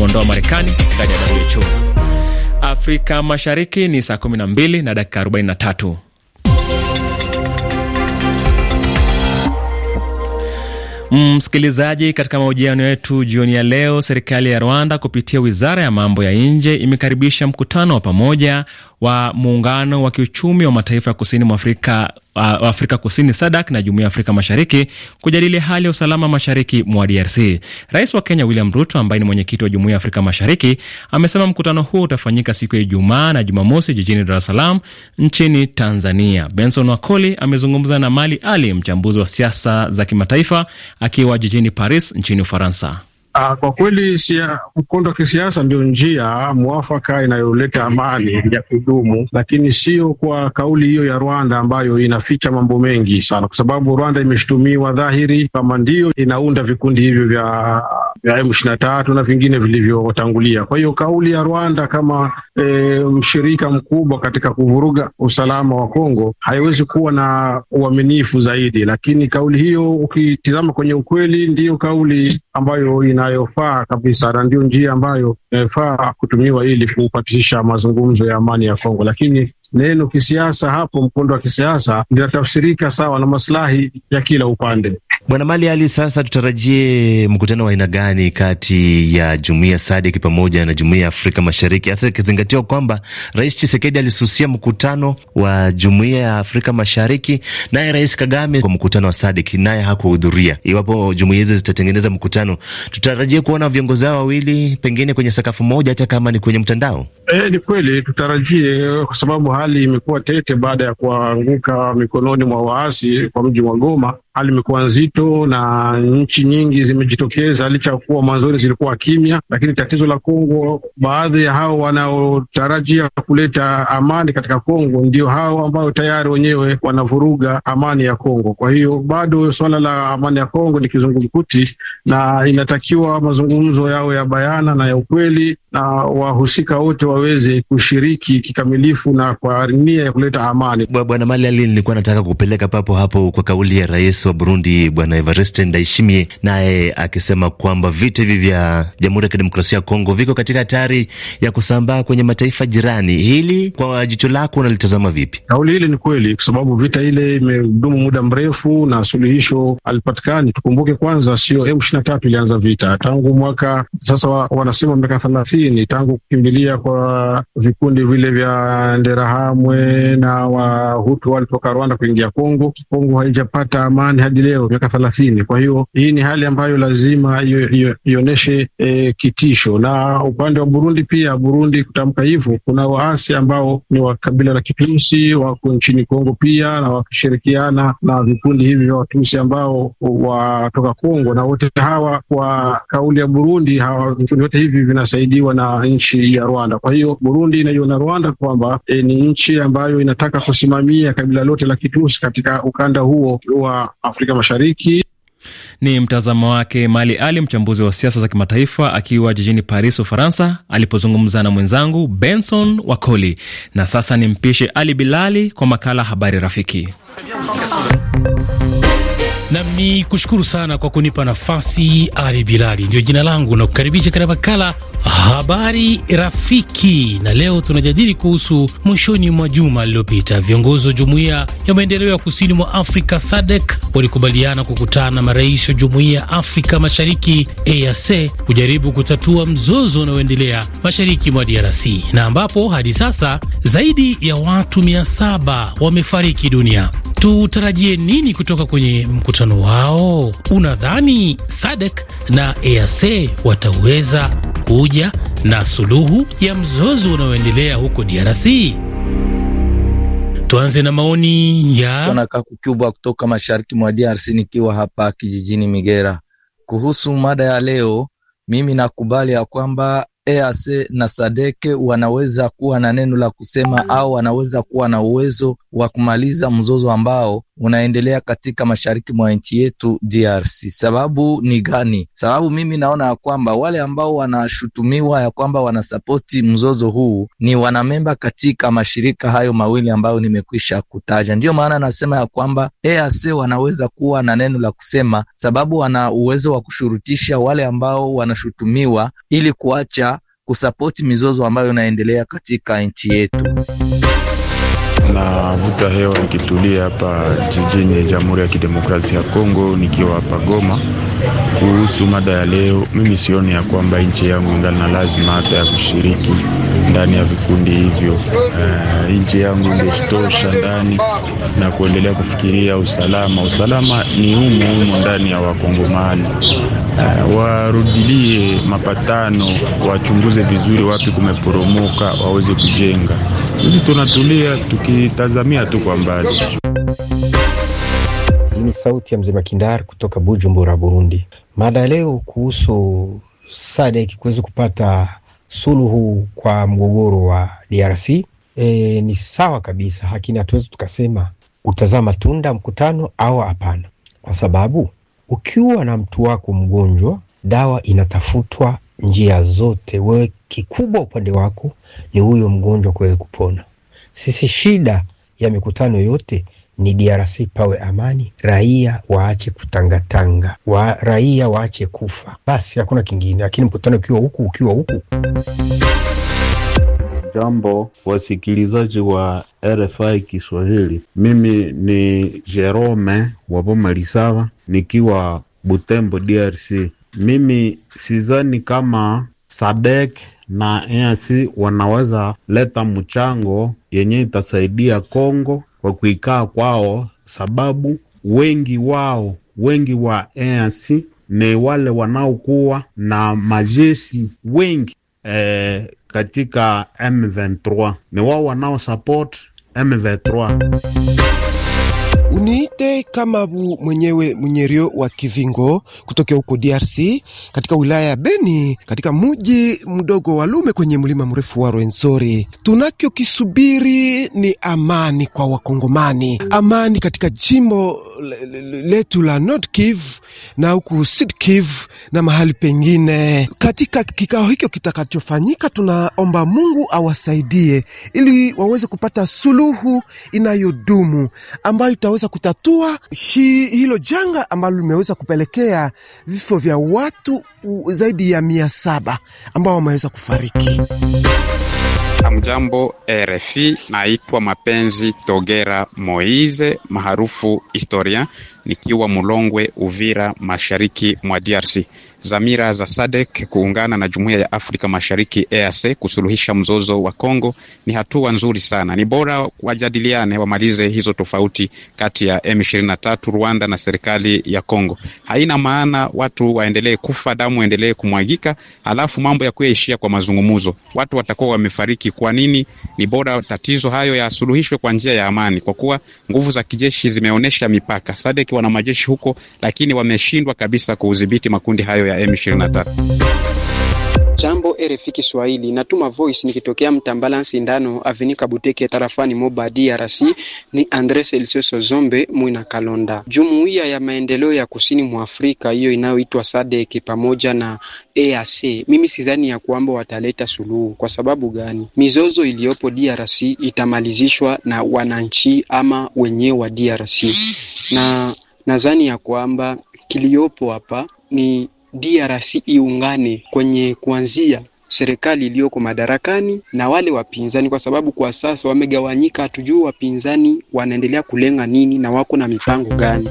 kuondoa Marekani ndani ya WHO. Afrika Mashariki ni saa 12 na dakika 43. Msikilizaji, katika mahojiano yetu jioni ya leo, serikali ya Rwanda kupitia wizara ya mambo ya nje imekaribisha mkutano wa pamoja wa muungano wa kiuchumi wa mataifa ya kusini mwa Afrika, uh, Afrika Kusini sadak na Jumuiya ya Afrika Mashariki kujadili hali ya usalama mashariki mwa DRC. Rais wa Kenya William Ruto ambaye ni mwenyekiti wa Jumuiya ya Afrika Mashariki amesema mkutano huo utafanyika siku ya Ijumaa na Jumamosi jijini Dar es Salaam nchini Tanzania. Benson Wakoli amezungumza na Mali Ali, mchambuzi wa siasa za kimataifa akiwa jijini Paris nchini Ufaransa. Ah, kwa kweli mkondo wa kisiasa ndio njia mwafaka inayoleta amani ya kudumu, lakini sio kwa kauli hiyo ya Rwanda ambayo inaficha mambo mengi sana, kwa sababu Rwanda imeshutumiwa dhahiri kama ndiyo inaunda vikundi hivyo vya vya M23 na vingine vilivyotangulia. Kwa hiyo kauli ya Rwanda kama e, mshirika mkubwa katika kuvuruga usalama wa Kongo haiwezi kuwa na uaminifu zaidi, lakini kauli hiyo ukitizama kwenye ukweli ndiyo kauli ambayo ina inayofaa kabisa na ndio njia ambayo inayofaa eh, kutumiwa ili kupatisha mazungumzo ya amani ya Kongo, lakini neno kisiasa hapo, mkondo wa kisiasa ndio atafsirika sawa na maslahi ya kila upande. Bwana Mali Ali, sasa tutarajie mkutano wa aina gani kati ya jumuiya SADC pamoja na jumuiya ya Afrika Mashariki, hasa ikizingatiwa kwamba Rais Chisekedi alisusia mkutano wa jumuiya ya Afrika Mashariki, naye Rais Kagame kwa mkutano wa SADC naye hakuhudhuria. Iwapo jumuiya hizi zitatengeneza mkutano, tutarajie kuona viongozi hao wawili pengine kwenye sakafu moja, hata kama ni kwenye mtandao. E, ni kweli tutarajie kwa sababu hali imekuwa tete baada ya kuanguka mikononi mwa waasi kwa mji wa Goma. Hali imekuwa nzito na nchi nyingi zimejitokeza, licha ya kuwa mwanzoni zilikuwa kimya, lakini tatizo la Kongo, baadhi ya hao wanaotarajia kuleta amani katika Kongo ndio hao ambao tayari wenyewe wanavuruga amani ya Kongo. Kwa hiyo bado suala la amani ya Kongo ni kizungumkuti, na inatakiwa mazungumzo yao ya bayana na ya ukweli, na wahusika wote waweze kushiriki kikamilifu na kwa kwa nia ya kuleta amani. Bwana Mali Ali, nilikuwa nataka kupeleka papo hapo kwa kauli ya rais wa Burundi Bwana Evariste Ndayishimiye, naye akisema kwamba vita hivi vya Jamhuri ya Kidemokrasia ya Kongo viko katika hatari ya kusambaa kwenye mataifa jirani. Hili kwa jicho lako unalitazama vipi? Kauli hili ni kweli, kwa sababu vita ile imedumu muda mrefu na suluhisho alipatikani. Tukumbuke kwanza, sio M23 ilianza vita tangu mwaka sasa wa, wanasema miaka thelathini tangu kukimbilia kwa vikundi vile vya nderaha Kamwe na Wahutu walitoka Rwanda kuingia Kongo. Kongo haijapata amani hadi leo miaka thelathini. Kwa hiyo hii ni hali ambayo lazima ionyeshe e, kitisho. Na upande wa Burundi pia, Burundi kutamka hivyo, kuna waasi ambao ni wa kabila la Kitusi wako nchini Kongo pia, na wakishirikiana na vikundi hivi vya Watusi ambao watoka Kongo, na wote hawa kwa kauli ya Burundi hawa, vikundi vyote hivi vinasaidiwa na nchi ya Rwanda. Kwa hiyo Burundi inaiona Rwanda kwamba e, ni nchi ambayo inataka kusimamia kabila lote la Kitusi katika ukanda huo wa Afrika Mashariki. Ni mtazamo wake Mali Ali, mchambuzi wa siasa za kimataifa, akiwa jijini Paris, Ufaransa, alipozungumza na mwenzangu Benson Wakoli. Na sasa ni mpishe Ali Bilali kwa makala Habari Rafiki. Nam ni kushukuru sana kwa kunipa nafasi. Ali Bilali ndiyo jina langu na kukaribisha katika makala Habari rafiki, na leo tunajadili kuhusu mwishoni mwa juma lililopita, viongozi wa jumuiya ya maendeleo ya kusini mwa Afrika SADC walikubaliana kukutana na marais wa jumuiya ya Afrika Mashariki EAC kujaribu kutatua mzozo unaoendelea mashariki mwa DRC na ambapo hadi sasa zaidi ya watu saba wamefariki dunia. Tutarajie nini kutoka kwenye mkutano wao? Unadhani SADC na EAC wataweza kuja na suluhu ya mzozo unaoendelea huko DRC. Tuanze na maoni ya Nakakukyubwa kutoka mashariki mwa DRC, nikiwa hapa kijijini Migera. Kuhusu mada ya leo, mimi nakubali ya kwamba EAC na Sadeke wanaweza kuwa na neno la kusema au wanaweza kuwa na uwezo wa kumaliza mzozo ambao unaendelea katika mashariki mwa nchi yetu DRC. Sababu ni gani? Sababu mimi naona ya kwamba wale ambao wanashutumiwa ya kwamba wanasapoti mzozo huu ni wanamemba katika mashirika hayo mawili ambayo nimekwisha kutaja. Ndiyo maana nasema ya kwamba EAC wanaweza kuwa na neno la kusema, sababu wana uwezo wa kushurutisha wale ambao wanashutumiwa ili kuacha kusapoti mizozo ambayo inaendelea katika nchi yetu na vuta hewa nikitulia hapa jijini Jamhuri ya Kidemokrasia ya Kongo, nikiwa hapa Goma. Kuhusu mada ya leo, mimi sioni ya kwamba nchi yangu ingali na lazima hata ya kushiriki ndani ya vikundi hivyo. Uh, nchi yangu ingetosha ndani na kuendelea kufikiria usalama. Usalama ni humo humo ndani ya Wakongomani. Uh, warudilie mapatano, wachunguze vizuri wapi kumeporomoka, waweze kujenga sisi tunatulia tukitazamia tu kwa mbali. Hii ni sauti ya mzee Makindari kutoka Bujumbura, Burundi. Mada leo kuhusu SADC kuweza kupata suluhu kwa mgogoro wa DRC. E, ni sawa kabisa, lakini hatuwezi tukasema utazaa matunda mkutano au hapana, kwa sababu ukiwa na mtu wako mgonjwa, dawa inatafutwa njia zote. Wewe kikubwa upande wako ni huyo mgonjwa kuweza kupona. Sisi shida ya mikutano yote ni DRC pawe amani, raia waache kutangatanga wa, raia waache kufa, basi hakuna kingine. Lakini mkutano ukiwa huku ukiwa huku Jambo wasikilizaji wa RFI Kiswahili, mimi ni Jerome Wabomalisawa nikiwa Butembo, DRC mimi sizani kama Sadek na EAC wanaweza leta mchango yenye itasaidia Kongo kwa kuikaa kwao, sababu wengi wao wengi wa EAC ni wale wanaokuwa na majeshi wengi eh, katika M23 ni wao wanaosupport M23. Uniite kama bu mwenyewe mwenyerio wa Kivingo kutokea huko DRC katika wilaya ya Beni katika muji mdogo wa Lume kwenye mlima mrefu wa Rwenzori. Tunachokisubiri ni amani kwa Wakongomani, amani katika jimbo letu la Nord Kivu na huku Sud Kivu na mahali pengine. Katika kikao hicho kitakachofanyika, tunaomba Mungu awasaidie ili waweze kupata suluhu inayodumu ambayo itaweza kuweza kutatua hi, hilo janga ambalo limeweza kupelekea vifo vya watu u, zaidi ya mia saba ambao wameweza kufariki. Amjambo RFI, naitwa Mapenzi Togera Moize maarufu historia likiwa Mulongwe, Uvira, mashariki mwa DRC. Dhamira za SADC kuungana na Jumuiya ya Afrika Mashariki EAC e, kusuluhisha mzozo wa Kongo ni hatua nzuri sana. Ni bora wajadiliane, wamalize hizo tofauti kati ya M23 Rwanda na serikali ya Kongo. Haina maana watu waendelee kufa, damu endelee kumwagika, alafu mambo ya kuishia kwa mazungumzo, watu watakuwa wamefariki. Kwa nini? Ni bora tatizo hayo yasuluhishwe kwa njia ya amani, kwa kuwa nguvu za kijeshi zimeonyesha mipaka. SADC na majeshi huko, lakini wameshindwa kabisa kuudhibiti makundi hayo ya M23. Jambo RFI Kiswahili, natuma voice nikitokea Mtambala Sindano Avenika Buteke tarafani Moba DRC. Ni Andres Elsoso Zombe Mwina Kalonda. Jumuiya ya maendeleo ya kusini mwa Afrika hiyo inayoitwa SADC e pamoja na EAC, mimi sidhani ya kwamba wataleta suluhu. Kwa sababu gani? Mizozo iliyopo DRC itamalizishwa na wananchi ama wenyewe wa DRC na Nadhani ya kwamba kiliyopo hapa ni DRC iungane kwenye kuanzia serikali iliyoko madarakani na wale wapinzani, kwa sababu kwa sasa wamegawanyika. Hatujui wapinzani wanaendelea kulenga nini na wako na mipango gani.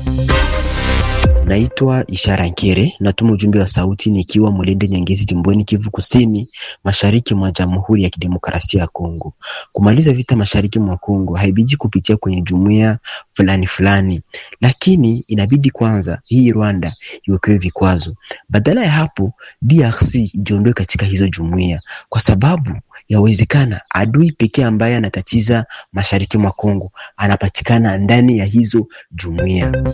Naitwa Ishara Nkere, natuma ujumbe wa sauti nikiwa Mulende Nyangezi, jimboni Kivu Kusini, mashariki mwa Jamhuri ya Kidemokrasia ya Kongo. Kumaliza vita mashariki mwa Kongo haibiji kupitia kwenye jumuiya fulani fulani, lakini inabidi kwanza hii Rwanda iwekewe vikwazo. Badala ya hapo, DRC ijiondoe katika hizo jumuiya, kwa sababu yawezekana adui pekee ambaye anatatiza mashariki mwa Kongo anapatikana ndani ya hizo jumuiya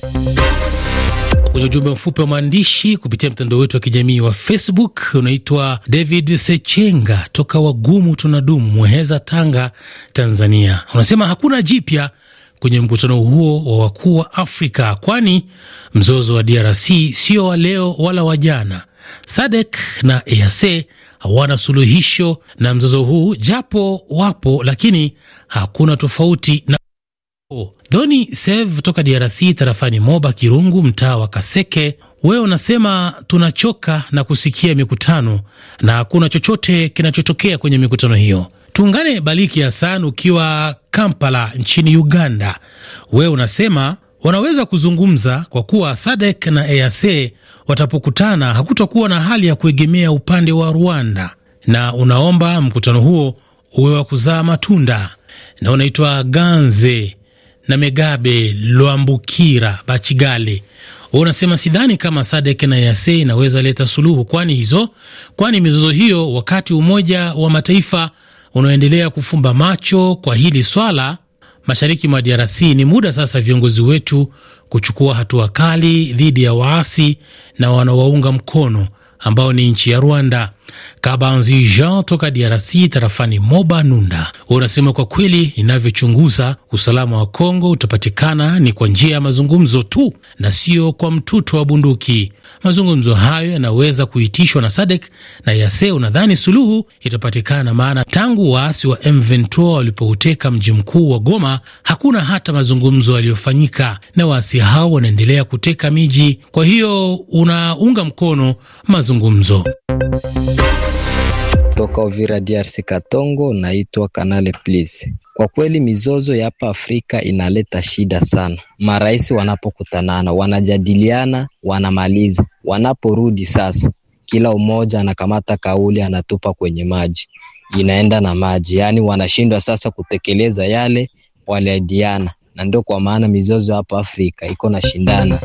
kwenye ujumbe mfupi wa maandishi kupitia mtandao wetu wa kijamii wa Facebook. Unaitwa David Sechenga toka Wagumu tunadumu, Mweheza, Tanga, Tanzania. Unasema hakuna jipya kwenye mkutano huo wa wakuu wa Afrika, kwani mzozo wa DRC sio wa leo wala wa jana. SADC na EAC hawana suluhisho na mzozo huu, japo wapo lakini hakuna tofauti na Doni Sev toka DRC tarafani Moba Kirungu, mtaa wa Kaseke, wewe unasema tunachoka na kusikia mikutano na hakuna chochote kinachotokea kwenye mikutano hiyo. Tuungane Baliki Hasan ukiwa Kampala nchini Uganda, wewe unasema wanaweza kuzungumza kwa kuwa sadek na EAC watapokutana hakutakuwa na hali ya kuegemea upande wa Rwanda, na unaomba mkutano huo uwe wa kuzaa matunda. Na unaitwa Ganze na Megabe Lwambukira Bachigale unasema sidhani kama Sadek na Yase inaweza leta suluhu, kwani hizo kwani mizozo hiyo, wakati Umoja wa Mataifa unaoendelea kufumba macho kwa hili swala mashariki mwa DRC, ni muda sasa viongozi wetu kuchukua hatua kali dhidi ya waasi na wanaowaunga mkono ambao ni nchi ya Rwanda. Kabanzi Jean toka DRC tarafani Moba Nunda unasema kwa kweli, inavyochunguza usalama wa Kongo utapatikana ni kwa njia ya mazungumzo tu na sio kwa mtuto wa bunduki. Mazungumzo hayo yanaweza kuitishwa na Sadek na Yase. Unadhani suluhu itapatikana? Maana tangu waasi wa M23 walipouteka mji mkuu wa Goma hakuna hata mazungumzo yaliyofanyika, na waasi hao wanaendelea kuteka miji. Kwa hiyo unaunga mkono mazungumzo? Toka Uvira DRC Katongo, naitwa Kanale Please. Kwa kweli mizozo ya hapa Afrika inaleta shida sana. Marais wanapokutanana wanajadiliana, wanamaliza, wanaporudi sasa, kila umoja anakamata kauli, anatupa kwenye maji, inaenda na maji, yaani wanashindwa sasa kutekeleza yale waliadiana na ndio kwa maana mizozo hapa Afrika iko na shindana.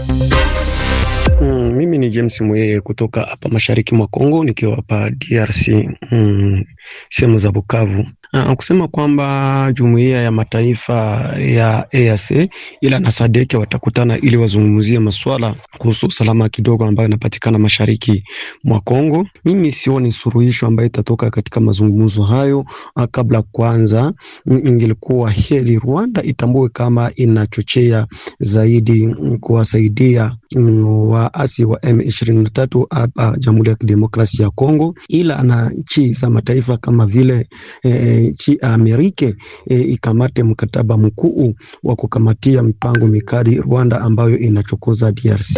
Mm, mimi ni James Mweye kutoka hapa mashariki mwa Kongo nikiwa hapa DRC, mm, sehemu za Bukavu. Uh, kusema kwamba jumuiya ya mataifa ya EAC ila na Sadeke watakutana ili wazungumzie masuala kuhusu usalama kidogo ambayo inapatikana mashariki mwa Kongo. Mimi sioni suruhisho ambayo itatoka katika mazungumzo hayo. Uh, kabla kwanza ingelikuwa heri Rwanda itambue kama inachochea zaidi kuwasaidia mm, waasi wa M23 hapa Jamhuri ya Kidemokrasia ya Kongo, ila na nchi za mataifa kama vile eh, nchi chi uh, Amerike e, ikamate mkataba mkuu wa kukamatia mipango mikali Rwanda ambayo inachokoza DRC.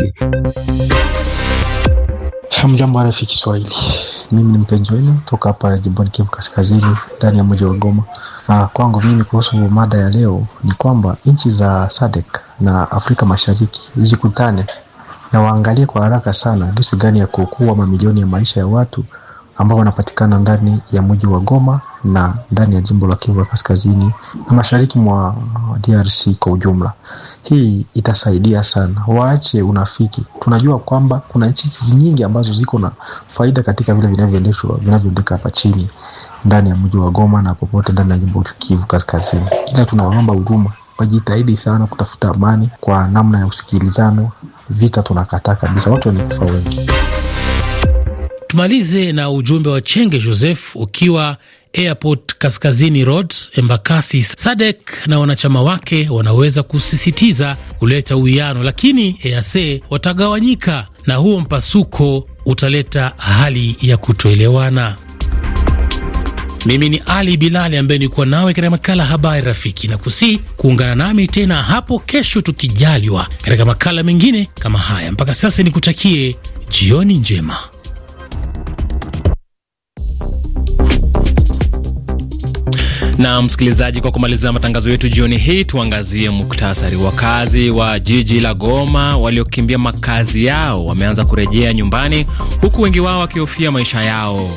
Hamjambo rafiki Kiswahili, mimi ni mpenzi wenu toka hapa jimboni Kivu Kaskazini, ndani ya mji wa Goma. Na ah, kwangu mimi kuhusu mada ya leo ni kwamba nchi za SADC na Afrika Mashariki zikutane na waangalie kwa haraka sana jinsi gani ya kuokoa mamilioni ya maisha ya watu ambao wanapatikana ndani ya mji wa Goma na ndani ya jimbo la Kivu ya Kaskazini na mashariki mwa DRC kwa ujumla. Hii itasaidia sana, waache unafiki. Tunajua kwamba kuna nchi nyingi ambazo ziko na faida katika vile vinavyoendeshwa vinavyoendeka hapa chini ndani ya mji wa Goma na popote ndani ya jimbo Kivu Kaskazini, ila tunawaomba huruma wajitahidi sana kutafuta amani kwa namna ya usikilizano. Vita tunakataa kabisa, watu wenye kufa wengi. Tumalize na ujumbe wa Chenge Joseph ukiwa Airport Kaskazini Road, Embakasi. Sadek na wanachama wake wanaweza kusisitiza kuleta uwiano, lakini EAC watagawanyika na huo mpasuko utaleta hali ya kutoelewana. Mimi ni Ali Bilali ambaye nilikuwa nawe katika makala Habari Rafiki, na kusi kuungana nami tena hapo kesho tukijaliwa, katika makala mengine kama haya. Mpaka sasa nikutakie jioni njema. Na msikilizaji, kwa kumalizia matangazo yetu jioni hii, tuangazie muktasari. Wakazi wa jiji la Goma waliokimbia makazi yao wameanza kurejea nyumbani, huku wengi wao wakihofia maisha yao.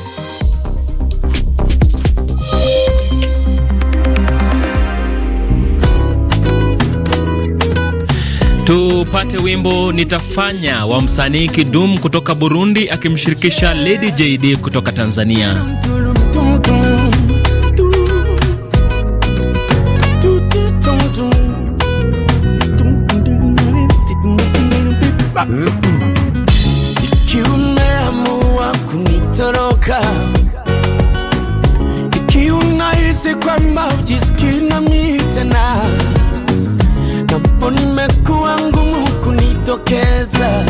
Tupate wimbo nitafanya wa msanii Kidum kutoka Burundi akimshirikisha Lady JD kutoka Tanzania. mm. umeamua kunitoroka, ikiwa unahisi kwamba ujisikii nami tena, napo nimekuwa ngumu kunitokeza,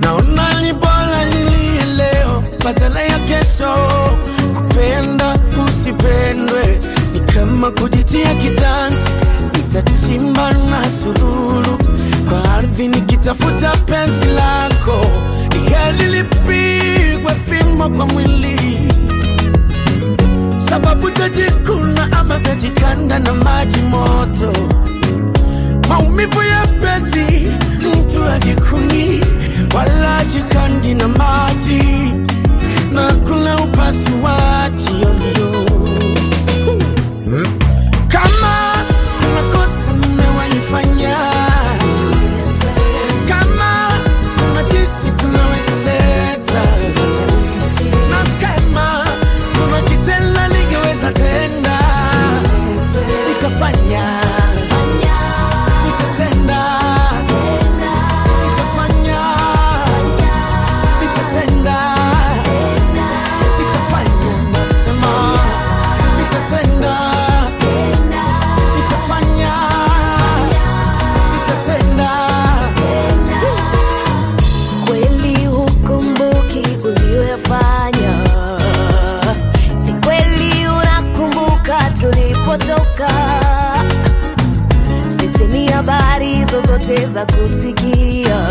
naona ni bora nilie leo badala ya kesho. Kupenda usipendwe ni kama kujitia kitanzi, nitachimba na sululu tafuta penzi lako, ihali lipigwe fimbo kwa mwili, sababu tajikuna ama tajikanda na maji moto, maumivu ya penzi mtu ajikuni wala jikandi na maji na kula upasuaji ovyo. Hmm? Kama kuna kosa mmewaifanya ulivyofanya. Ni kweli unakumbuka tulipotoka, sisemi habari zozote za kusikia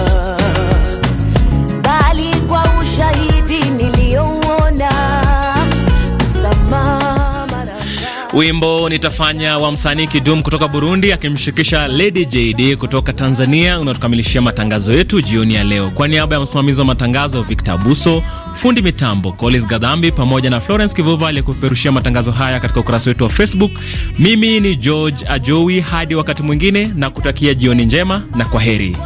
Wimbo nitafanya wa msanii Kidum kutoka Burundi akimshirikisha Lady JD kutoka Tanzania unatukamilishia matangazo yetu jioni ya leo. Kwa niaba ya msimamizi wa matangazo Victor Buso, fundi mitambo Collins Gadhambi, pamoja na Florence Kivuva aliyekupeperushia matangazo haya katika ukurasa wetu wa Facebook, mimi ni George Ajowi. Hadi wakati mwingine, na kutakia jioni njema na kwa heri.